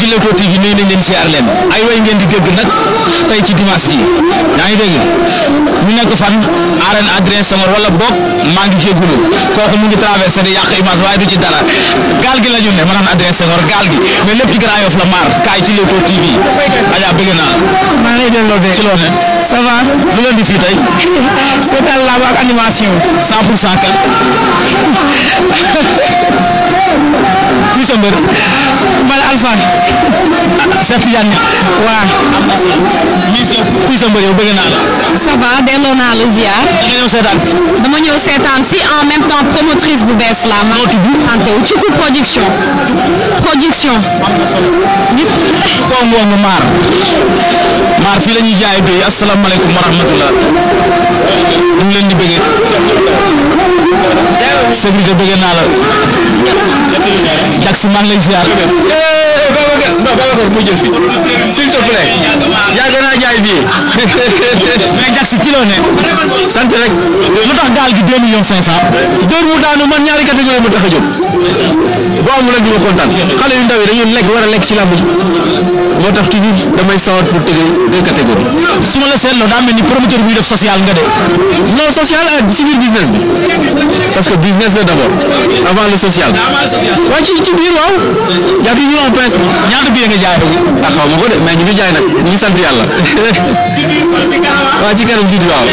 mbokki Leewtoo TV nuyu nañ leen siyaar leen ay way ngeen di dégg nag tey ci dimanche ji yaa ngi dégg ñu nekk fan arène Adrien Senghor wala boog maa ngi jégalu kooku mu ngi traversé di yàq image waaye du ci dara gaal gi la ñu ne ma naan Adrien Senghor gaal gi mais lépp ci Grand Yoff la maar kaay ci Leewtoo TV Adja bëgg naa. maa ngi lay delloo de. ci loo ne. ça va. lu di fii tey. seetaan laa ba ak animation. 100 pour 100 kan. kuy sa mbër. Mbale Alpha. Seex ah, Tijaan. lii sa kuy sa mbër yow bëgg naa la. ça va delloo naa la ziar. da nga ñëw seetaan si. dama ñëw seetaan si en même temps promotrice bu bees la ma. noo tudd sant wu Cuku production. production. am ngoon nga maar. maar fii la jaay doy asalaamaaleykum wa rahmatulah. ñu leen di bëggee. sécurité bëgg naa la. Jackson maa ngi lay ziar. non Babacar mu jël fi s'il te plaît yàgg naa jaay bii mais jax si ci loo ne sant rek lu tax gaal gi deux millions cinq cent dóor mu daanu man ñaari catégorie mu tax a boo amul rek ñu kontaan xale yu ndaw yi dañuy lekk war a lekk ci làmb moo tax toujours damay sawar pour tëgg deux catégories. su ma la seetloo daa ni promoteur buy def social nga de. non social ak si biir business bi parce que business la d'abord avant le social. waaw ci ci biir waaw. y a toujours un prince ñaata biir nga jaay rek. Ah, xaw ma ko de mais ñu fi jaay nag ñu sant yàlla. ci ah. ci kanam tuuti waaw.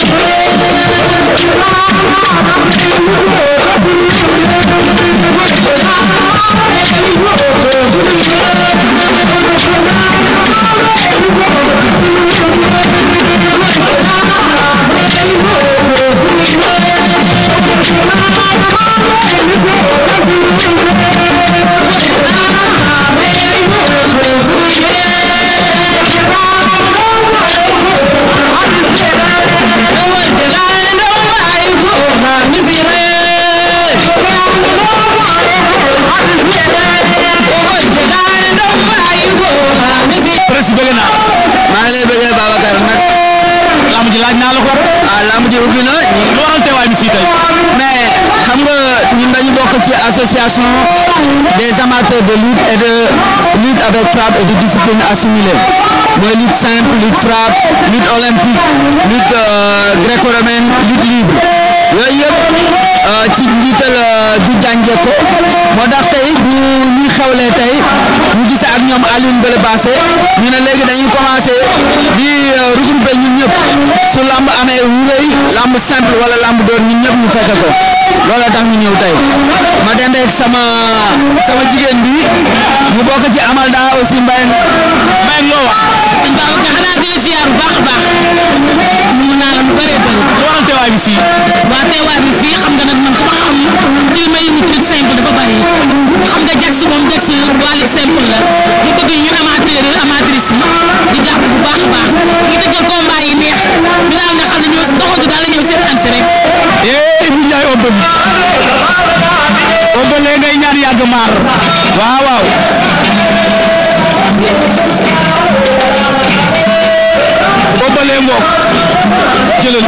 ci ji ubbi na lu waral teewaay bi fii tey mais xam nga ñun dañu bokk ci association des amateurs de lutte et de lutte avec frappe et de discipline assimilée mooy lutte simple lutte frappe lutte olympique lutte euh, gréco-romaine lutte libre yooyu yëpp Euh, ci njiital euh, du jànje ko moo tax tey bu ñu xewlee tey ñu gisee ak ñoom Alioune Bale Basse ñu ne léegi dañuy commencé di euh, regrouper ñun ñëpp su lamb amee wu rëy lamb simple wala lamb doon ñu ñëpp ñu fekke ko looloo tax ñu ñëw tey ma sama sama jigéen bi mu bokk ci Amalda aussi Mbaye Mbaye loo wax. sëñ Ba nga xanaa di la ziar mu naa la mu waral teewaay bi fii. waaw teewaay bi fii xam nga nag man ku ma xam ci li may yëngu ci lutte simple dafa bari xam nga Jax moom Jax waa lutte simple la mu bëgg ñun amateur amatrice yi di jàpp bu baax a baax di tëggal combat yi neex ñu daal nga xam ne ñoo doxatu daal la ñëw seetaan si rek. yee eh, Ibou Ndiaye Obel Obel ngay ñaan yàgg maar waaw waaw. Obale ngoog jëlal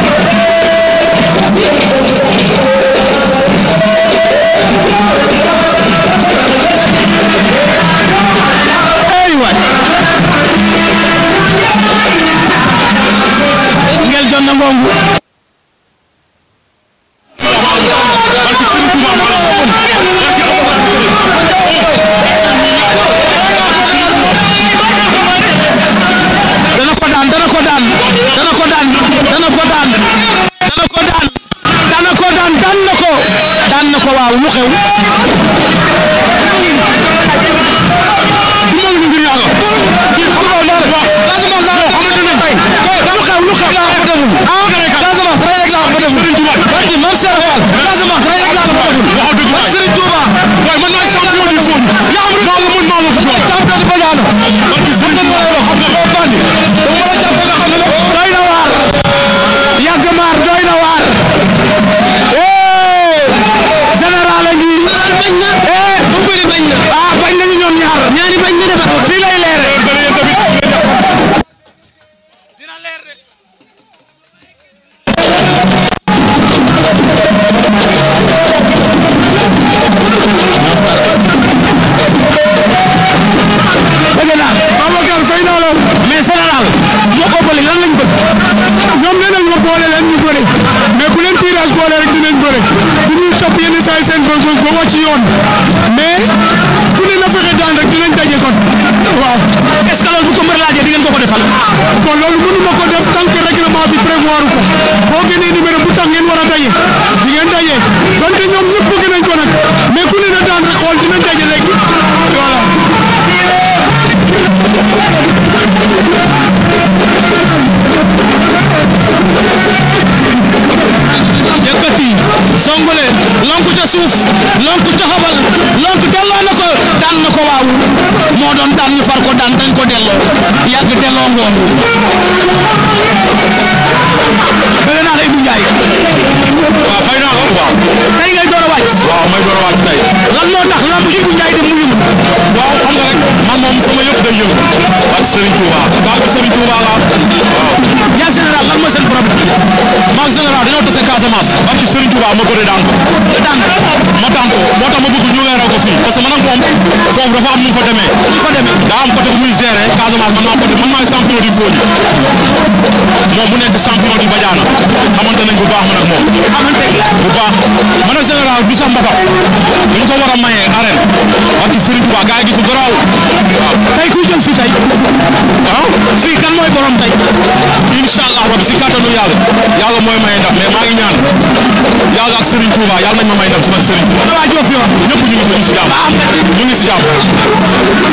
lu xew bañ na dafa demee daa am côté bu muy gérer Casamance man maa côté man maay champion du Fodji moom mu nekk champion du Badiana xamante nañ bu baax man ak moom. xamante bu baax man ak général du sax mbapat dañ ko war a mayee arène parce que Serigne Touba gars yi gisul garaaw waaw tey kuy jël fii tey ah fii kan mooy borom tey incha allah rabbi si kattanu yàlla yàlla mooy maye ndam mais maa ngi ñaan yàlla ak Serigne Touba yàlla nañ ma may ndam si man Serigne Touba. waaw Diop yow ñëpp ñu ngi si jàmm ñu ngi si jàmm.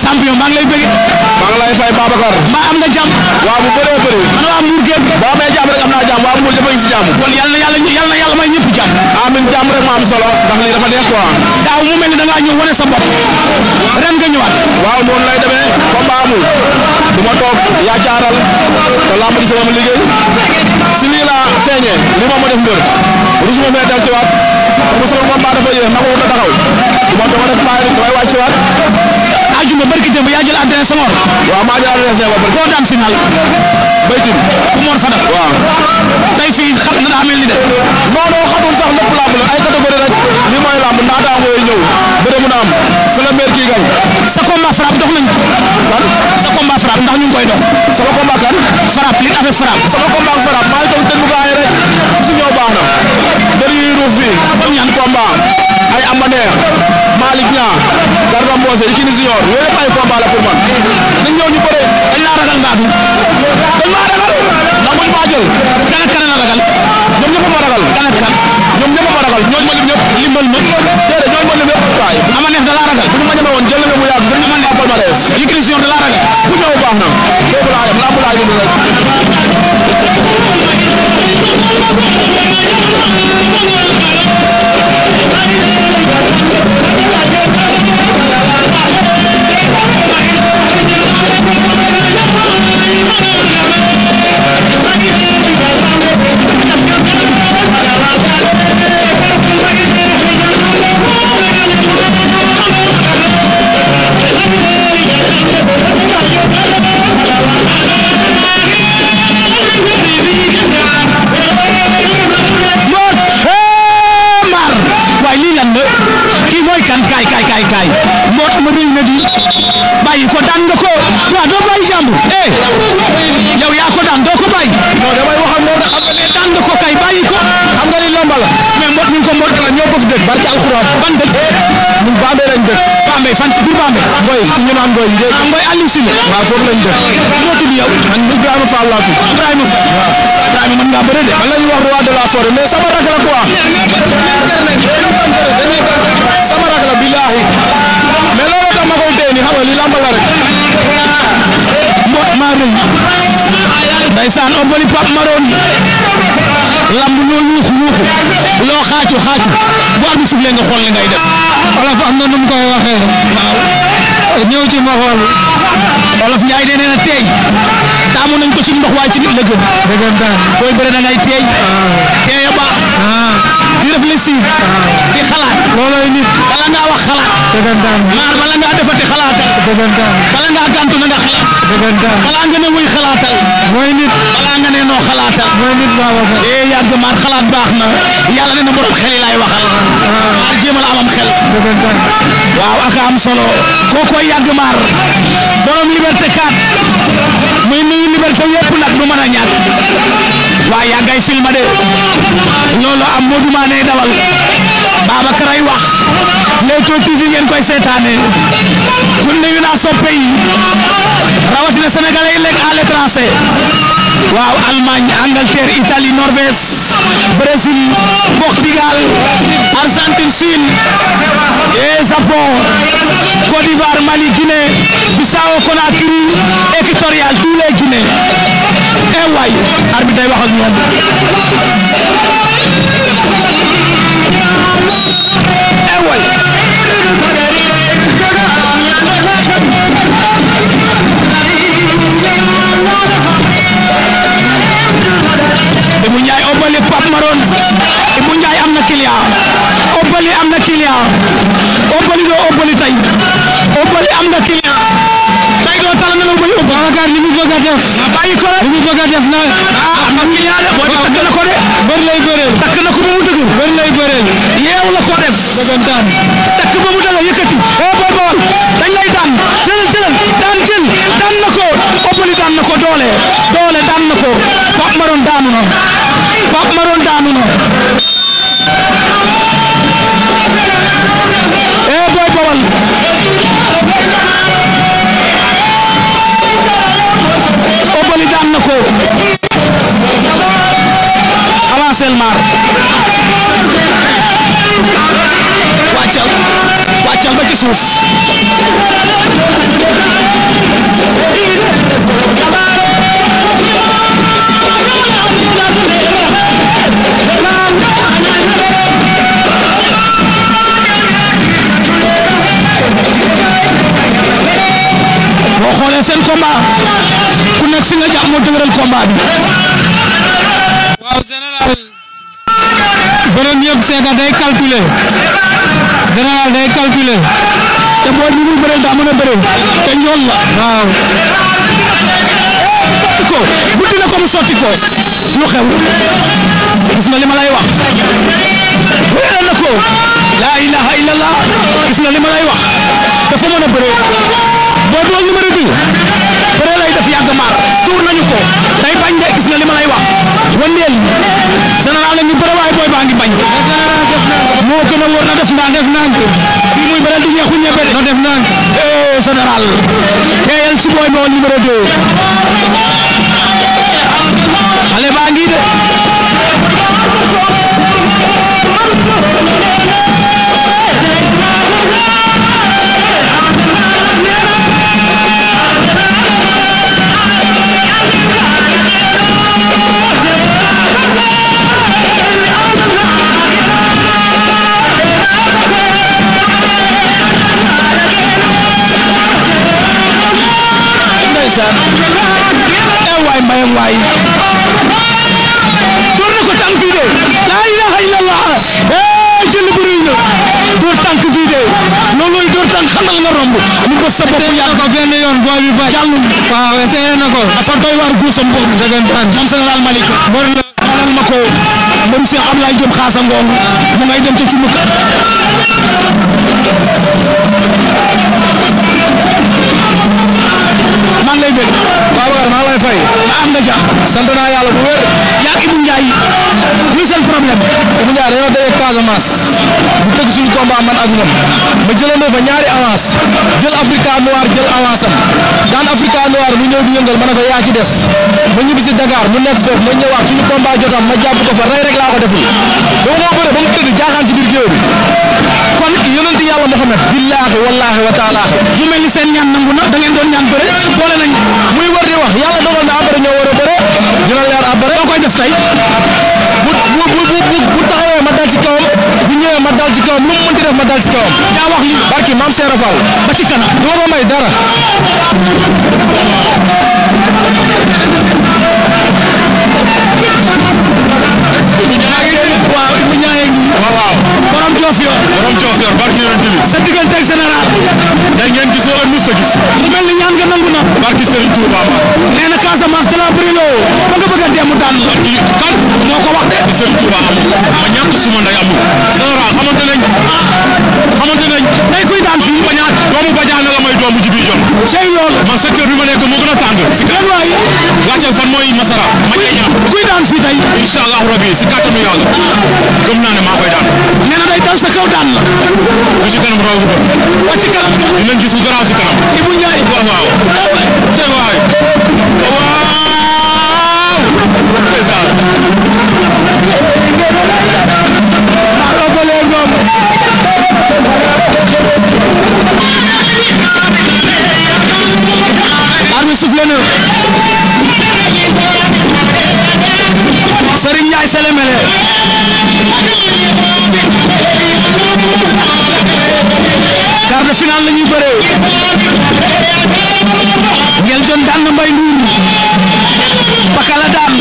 champion maa ngi lay bëgg. maa ngi lay fay Babacar. mbaa am na jàmm. waaw bu bëree bëri. man waa Mbour géej. boo amee jàmm rek am naa jàmm waa Mbour jëfandikoo si jàmm. kon yal na yàlla yal na yàlla may ñëpp jàmm. amiin jàmm rek ma am solo. ndax lii dafa neex quoi. daaw mu mel ni da ngaa ñëw wane sa bopp. ren nga ñëwaat. waaw noonu lay demee combat amul. du ma toog yaa jaaral te lamb di sama liggéey. si lii laa feeñee lii moom ma def mbër. ruus ma fee del si waat. parce que sama combat dafa yéex naka woon na taxaw. du ma toog rek bàyyi rek damay wàcc si waat ajuma barki démb yaa jël adresse Senghor. waaw maa jël adresse Senghor. koo daan final. baytin bu moon Fadal. waaw. tey fii xam na daa mel ni de. non non xamul sax lépp làmb la ay li mooy làmb ndaataango yooyu la meer kii gañ. sa combat frappe dox nañ kan sa combat frappe ndax ñu koy dox. sama combat kan. frappe li affaire toog déglu gars yi rek su ñëw baax na. bëri yuy ruuf fii comme ñaan ay Amadeer Malick Niang Garga Mbossé Yékini Junior yooyu yëpp ay combat la pour man nañ ñëw ñu bëree dañ laa ragal ndaatu dañ maa ragal ndax buñ maa jël kan kan la ragal ñoom ñëpp ma ragal kan kan ñoom ñëpp ma ragal ñooñu ma lim ñëpp limbal ma déedéet ñooñu ma lim ñëpp waay Amadeer da laa ragal bu ñu ma ñeme woon jël na mu yàgg dañ ma nekk palmarès Yékini Junior da laa ragal ku ñëw baax na foofu laa yem lamb laa yëndu rek Thank you. Thank you. jàmm réew na di bàyyi ko daan nga ko waaw doo bàyyi jàmbur eh yow yaa ko daan doo ko bàyyi. non damay wax ak loolu xam nga ne daan nga ko kay bàyyi ko. xam nga ni lamba la. mais mbot mi ko mbot la ñoo bëgg dëkk barki alxuraan ban dëkk. ñun Bambey lañ dëkk. Bambey fan biir Bambey. Ngoy ñu naan Ngoy Ndié. ah Ngoy Aliou Sile. waaw foofu lañ dëkk. moo tudd yow. man Ibrahima Fall laa tudd. Ibrahima Fall waaw. Ibrahima mën ngaa bëre de. man la ñuy wax roi de la forêt mais sama rakk la quoi. sama rakk la billahi rëy ndeysaan ombali Pape Maroon lamb loo yuuxu yuuxu loo xaacu xaacu bu am suuf lee nga xool li ngay def olof am na nu mu koy waxee waaw ñëw ci ma xool olof Njaay nee na teey taamu nañ ko ci ndox waaye ci nit la gën dëggantaan booy ngay teey ah. teey a baax ah. di réfléchir di xalaat loolooy nit bala ngaa wax xalaat dëggantaan maar bala ngaa defati xalaatal dëggantaan na nga xalaat dëggantaan ne muy xalaatal ee yàgg maar xalaat baax na yàlla ne na borom xel yi laay waxal ah. maar jéemal amam xel waaw ak am solo kookoy yàgg maar borom liberté 4 muy nuyu liberté yëpp nag du mën waaye yaa ngay de loolu am Modou Mané dawal Babacar ay wax Leewtoo TV ngeen koy seetaane kon nuyu naa soppe rawatina sénégalais yi lekk à l'étranger waaw Allemagne Angleterre Italie Norvège Brésil Portugal Argentine Chine et Japon Côte d'Ivoire Mali Guinée Bissau Conakry équatorial tous les Guinées ee eh, waay day wax ak ñoom ee eh, waay Ibou Ndiaye Obali am na client Obali am na client Obali doo Obali tey am na client Babacar li mu bëgg a def. nga ah, bàyyi ko rek li mu bëgg a def na. ah am na ñaare mooy takk na ko de. bëri lay bëreel. takk na ko ba mu dëgër. bëri lay bëreel. yeew la ko def. dëggantaan. takk ba mu dëgër yëkkati. boo eh, boo bool dañ lay daan jël jël daan jël daan na ko ëppali daan na ko doole doole daan na ko Pape Maroon daanu na Pape Maroon daanu na. eh booy bawal. daan na ko avancé maar wàccal wàccal ba ci suuf calculer général day calculer te boo ñu ngi bëreel daa mën a bëreel te ñool la waaw ko buddi na ko mu sotti ko lu xew gis nga li ma lay wax wéeral na ko laa ilaha illallah gis nga li ma lay wax dafa mën a bëree boo doon numéro bi bëree lay def yàgg maar tuur nañu ko day bañ de gis nga li ma lay wax wandeel général la ñu bëre waaye booy baa ngi bañ oo gën a wóor na def ndànk def muy bëral di ñeexu ñebe de. na def ndànk eh général teel si booy bool numéro 2 baa ngi de. ndeysaan eh waay mbayam waay door na ko tànk fii de la ilaha illallah eh jël bu rëy na door tànk fii de loolooy door tànk xanal nga romb mu bës sa bopp yàgg ko benn yoon booy bi ba jàll waaw essayé na ko dafa doy waar guusam boobu dëggantaan moom général Malick mbër la manal ma ko mbëru Cheikh Ablaye Diop xaasa ngoon mu ngay dem ca ci mukk lay bëgg Babacar koy fay. ba am nga jàmm. sant naa yàlla bu wér. yaa ngi Ibou Ndiaye. luy seen problème. Ibou Ndiaye dañoo dajee Casamance. bu tëgg suñu combat man ak ñoom. ma jëlandoo a ñaari avance. jël Africa Noir jël avance am. daan Africa Noir mu ñëw di yëngal ma ne ko yaa ci des. ma ñibbi si Dakar mu nekk foofu ma ñëwaat suñu combat jotam ma jàpp ko fa rey rek laa ko deful. ba ma bëre ba mu tëdd jaaxaan ci biir géew bi. kon yonent yàlla Muhammad billaahi wallaahi wa taala. mu mel ni seen ñaan nangu na da ngeen doon ñaan bëre boole nañ muy war di wax yàlla dogal na après ñoo war a bëre dina leer après doo koy def tey bu bu bu bu taxawee ma dal ci kawam bu ñëwee ma dal ci kawam lu mu mënti def ma dal ci kawam. yaa wax li barki maam Seera Fall ba ci kanam doo ma may dara. borom joof yor borom joof yor barke yonent bi sa diggante ak général da ngeen gis wala mus a gis lu mel ni ñaan nga nangu na barke Serigne Touba ma nee na Casamance da la bëri loo ba nga bëgg a dem daan la kii kan moo ko wax de Serigne Touba amul ma ñàkk suma nday amul général xamante nañ xamante nañ day kuy daan fii ba ñaat doomu bajaan la may doomu jibi jom sey yoon man secteur bi ma nekk moo gën a tàng si kan waay laajal fan mooy masara ma ñaan kuy daan fii tey inshallah rabbi si kàttanu yàlla gëm naa ne maa koy daan nee na day dal sa kaw daan la. ba ci kanam raw bu doon. ba ci kanam doon. dinañ gis lu garaaw ci kanam. Ibou Ndiaye. waaw waaw. tey waay. waaw. ndeysaan. maa loo ko lee ngoom. armi soufflé na. Ndiaye Sélémélé quart de finale la ñuy bëree ngel jon daan na mbay nduur bakala daan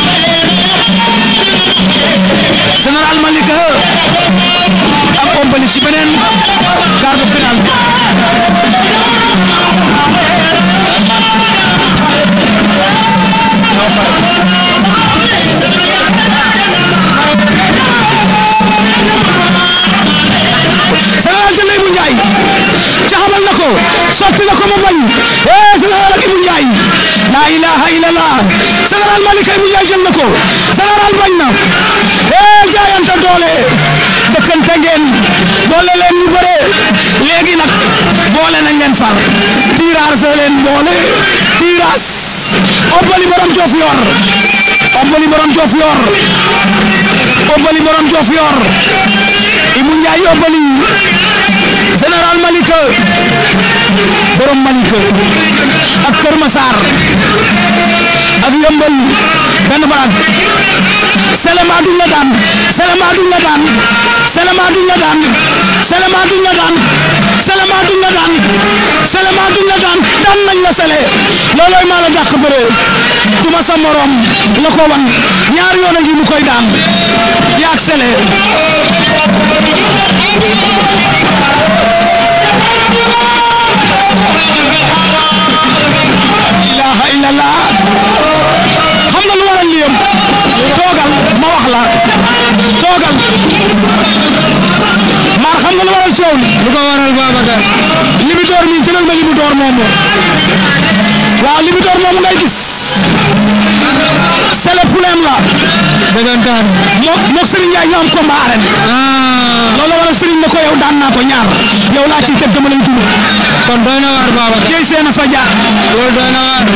daan général Malika Ibou Ndiaye jël na ko général bañ na eh jaayante doole dëkkante ngeen boole leen ñu bëree léegi nag boole nañ leen far tirage leen boole tirage obbali borom yor obbali borom jof yor obbali borom jof yor Ibou Ndiaye Malika borom Malika ak Kër ak yëmbal benn baraag Selema duñ la daan Selema duñ la daan Selema duñ la daan Selema duñ la daan Selema duñ sele loolooy maa la dàq bëree duma sa morom la wan ñaar yoon a koy daan yaak sele la ilaha maar xam nga waral coow lu ko waral Babacar. Libidor mi jëlal ma Libidor moomu. waaw Libidor moomu ngay gis. c'est le problème là. dëggantaan. moo moog ñu am combat arène. Ah. loolu la waral Serigne ne ko yow daan naa ko ñaar. yow laa ciy teg dama lay dund. kon doy na waar fa na waar.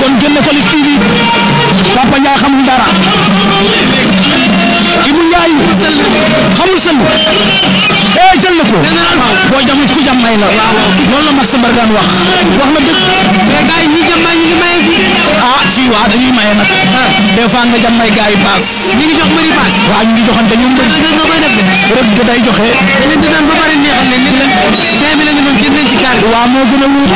kon génne ko Lutte TV dara Ibou Ndiaye xamul sën eh jël na ko boo jamu ku jam may la loolu la Max Mbar daan wax wax na dëgg mais gars yi ñi jam may ñu ngi maye ah fii waa dañuy maye nag ah. des fois nga jam may gars yi baas ñu ngi jox mëri baas waaw ñu ngi joxante ñun bëri nga koy def de rek da day joxe dañ di daan ba bari neexal leen ni leen cinq mille ñu doon génn ci kaar gi waaw moo gën a wóor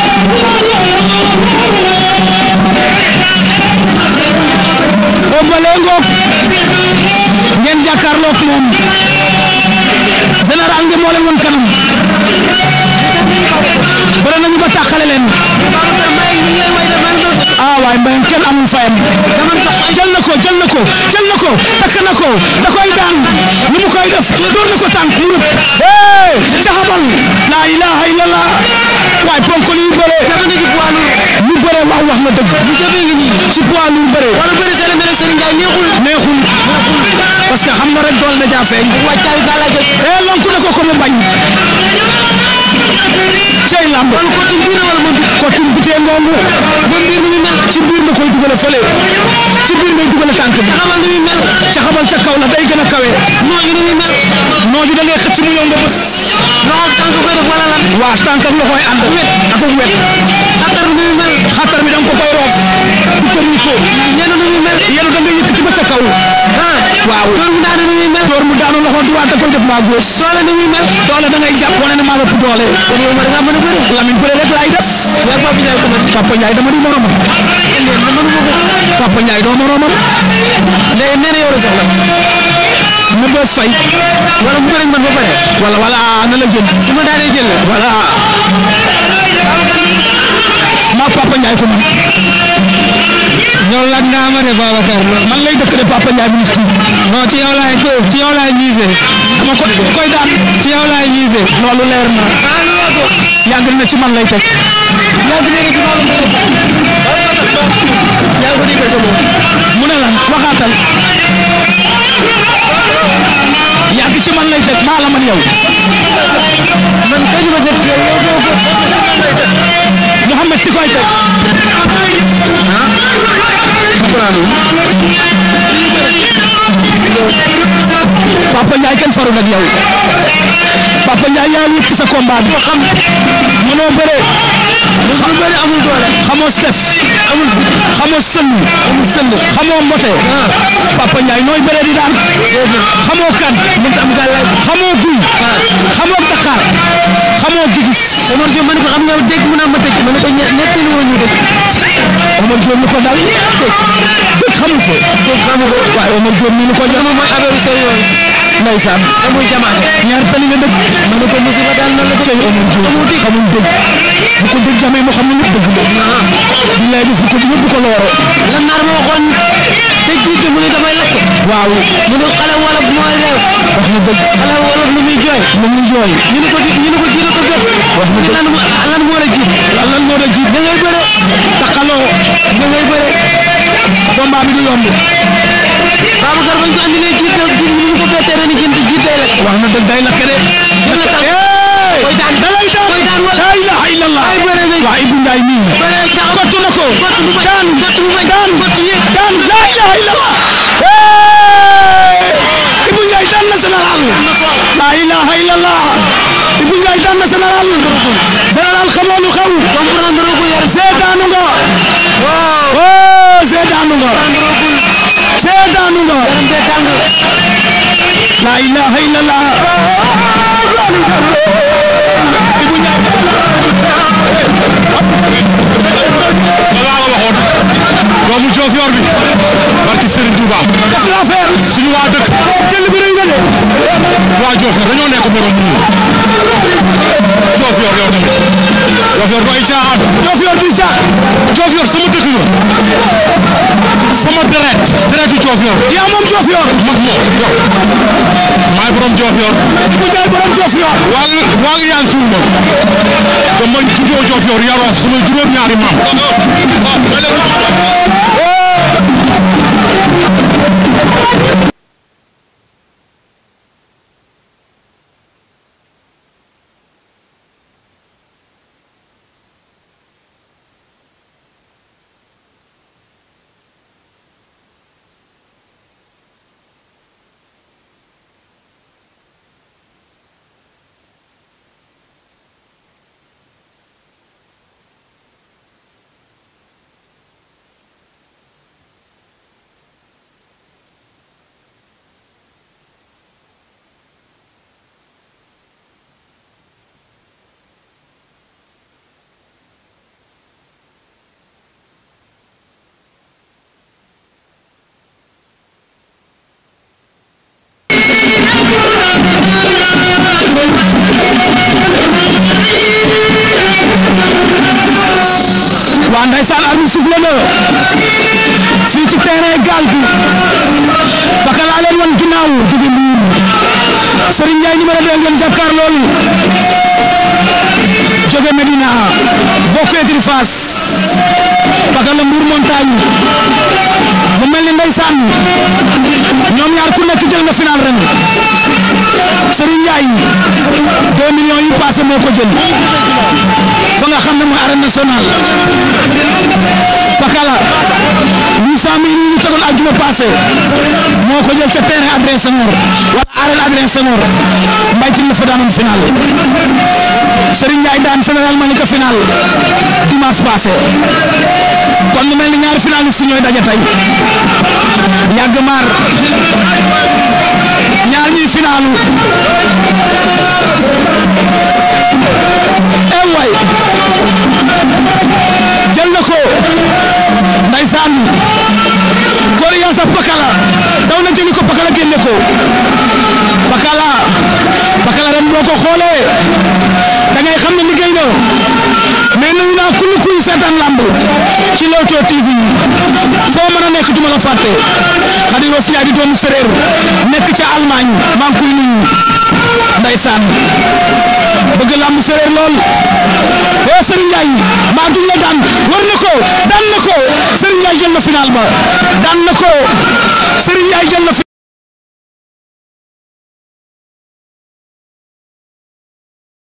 Ombale ngoog ngeen jàkkaarloog moom général nge moo leen woon kanam bëre nañu ba tàqale leen ah waay mbay kenn amul fayam jël na ko jël na ko jël na ko takk na ko da koy daan ni mu koy def door na ko tànk mu rëb eh caxabal la ilaha illallah waay ponk li bëre ñu bëre wax wax nga dëgg ci poids lu bëre Ndiaye neexul neexul parce que xam nga rek dool na jaa feeñ. waaw caa yu gàllankoor. eh lonku na ko ko mu bañ. cey lamb man Kottu biir wala ba mbir mi mel ci biir la koy dugale fële ci biir lay dugale tànk bi xamal ni muy mel ca xamal ca kaw la day gën a kawe nooju ni muy mel nooju da ngay xëcc mu yow nga bës loxo tànk koy def wala lan waaw tànk ak loxoy ànd wet ak ak wet xatar bi muy mel xatar bi da nga ko koy roof du ci muy fóot yenu ni muy mel yenu da ngay ba ca kaw ah waaw door mu daanu ni muy mel door mu daanu loxo droite da maa gauche doole da ngay doole mën a bëri Lamine Touré rek laay def waaye Papa Ndiaye ko mën Papa Ndiaye dama di moromam leen dama mënu ma ko Papa Ndiaye doo moromam léegi nee na fay wala mu bëri man ba pare wala wala na la jël su ma daanee jël wala ma Papa Ndiaye ko loolu laaj nga ama de Babacar man lay dëkk de Papa Ndiaye ministre non ci yow laay ci yow laay visé dama ko koy daan ci yow laay visé loolu leer na yàgg na ci man lay teg yàgg na ci man lay teg yaa ngi ko dégg sa bopp mu ne lan waxaatal yàgg ci man lay teg maa la man yow. man tëj ma jot yow yow doo ko Mouhamed si koy teg. ah. Papa Ndiaye faru nag yow. yaa wut ci sa combat bi. xam mënoo bëree. mënoo bëree amul doole. xamoo stef. amul xamoo sënd. amul sënd xamoo mbote. Ah. Papa Ndiaye nooy bëree di daan. xamoo kan. mënut am gàllay. xamoo guy. Ah. xamoo Dakar. xamoo gigis. Omar Diop man ko xam dégg mu naa ma dégg man ko ñettali woon ñu dégg. Omar Diop ñu ko daal dégg xamul ko. dégg xamul ko waaye Omar Diop ñu ndeysaan amul jamaane ñaar tali nga dëkk ma ne musiba daal na la ko cey amul dëgg xamul dëgg bu ko dëgg jamee mu xam ne lépp la billaay bis bu ko dëgg bu ko looro la naar ma waxoon te jiite mu ne damay lakk waaw mu ne xale wolof mooy réew wax na dëgg xale wolof lu muy jooy lu muy jooy ñu ne ko ñu ne ko jiite ko jot wax na dëgg lan moo la jiit lan moo la jiit da ngay bëre taxaloo da ngay bëre combat bi du yomb Babacar bañ ko andilee jiite jiite ñu ko bettee ren jënd jiite la. wax na dëgg day la kere. dina tànn koy daan dalay daan koy daan wala. laa ilaaha illallaah. ay bëre nañ waa Ibou Ndiaye mii. bëre taxaw kottu na ko. kottu bu may daan kottu bu may daan kottu yëg daan laa ilaaha illallaah. Ibou Ndiaye daan na général. laa ilaaha illallaah. Ibou Ndiaye daan na général. général xamoo lu xew. comprendre ko yar seetaanu oh, nga. waaw. seetaanu nga. seetaanu nga yaram bee tàng la ilaha illallah ibu ñaar doomu Diofior bi barki Serigne Touba def l'affaire suñu waa dëkk jël bi rëy na de waa Diofior dañoo nekk morom ñu Diofior yow tamit Diofior du ay caaxaan Diofior du caaxaan Diofior sama dëkk nga sama deret Diofior. yaa moom Diofior. man maay borom Diofior. Ibou Ndiaye borom Diofior. waa waa ngi yaan suul ma. te man juddoo Diofior yaroo sama juróom-ñaari maam. Sénégal bi Pakala leen wan ginnaaw jóge Mbour Serigne Ndiaye Medina bokk écurie Fass Pakala Mbour montagne bu mel ni ndeysaan ñoom ñaar ku nekk jël nga final ren Serigne Ndiaye 2 millions yi passé moo ko jël fa nga xam ne mooy arène nationale Pakala 800 mille yi ñu tegoon àjjuma passé moo ko jël ca terrain Adrien Senghor wala arène Adrien Senghor mbay ci la fa daanoon final Serigne Ndiaye daan général Malika final dimanche passé kon lu mel ni ñaari finaliste ñooy daje tey yàgg maar ñaar ñuy fàtte Khady Rose Ndiaye di doomu séréer nekk ca Allemagne maa ngi koy nuyu ndeysaan bëgg làmb séréer lool waaw Serigne Ndiaye maa dugg daan war na daan na ko Serigne Ndiaye jël na final ba daan na ko Serigne Ndiaye jël na